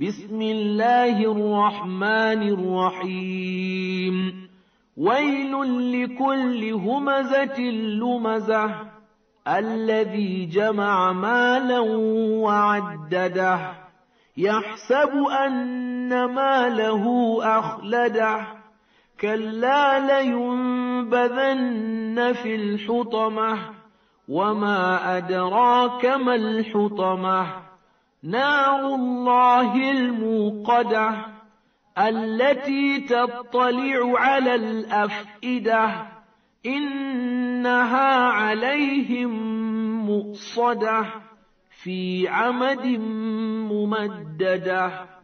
بسم الله الرحمن الرحيم ويل لكل همزة لمزة الذي جمع مالا وعدده يحسب أن ماله أخلده كلا لينبذن في الحطمة وما أدراك ما الحطمة نار الله الموقدة التي تطلع على الأفئدة إنها عليهم مؤصدة في عمد ممدده